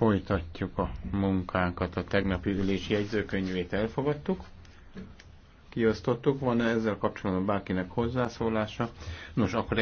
Folytatjuk a munkánkat. A tegnapi ülési jegyzőkönyvét elfogadtuk. Kiosztottuk, van -e ezzel kapcsolatban bárkinek hozzászólása? Nos, akkor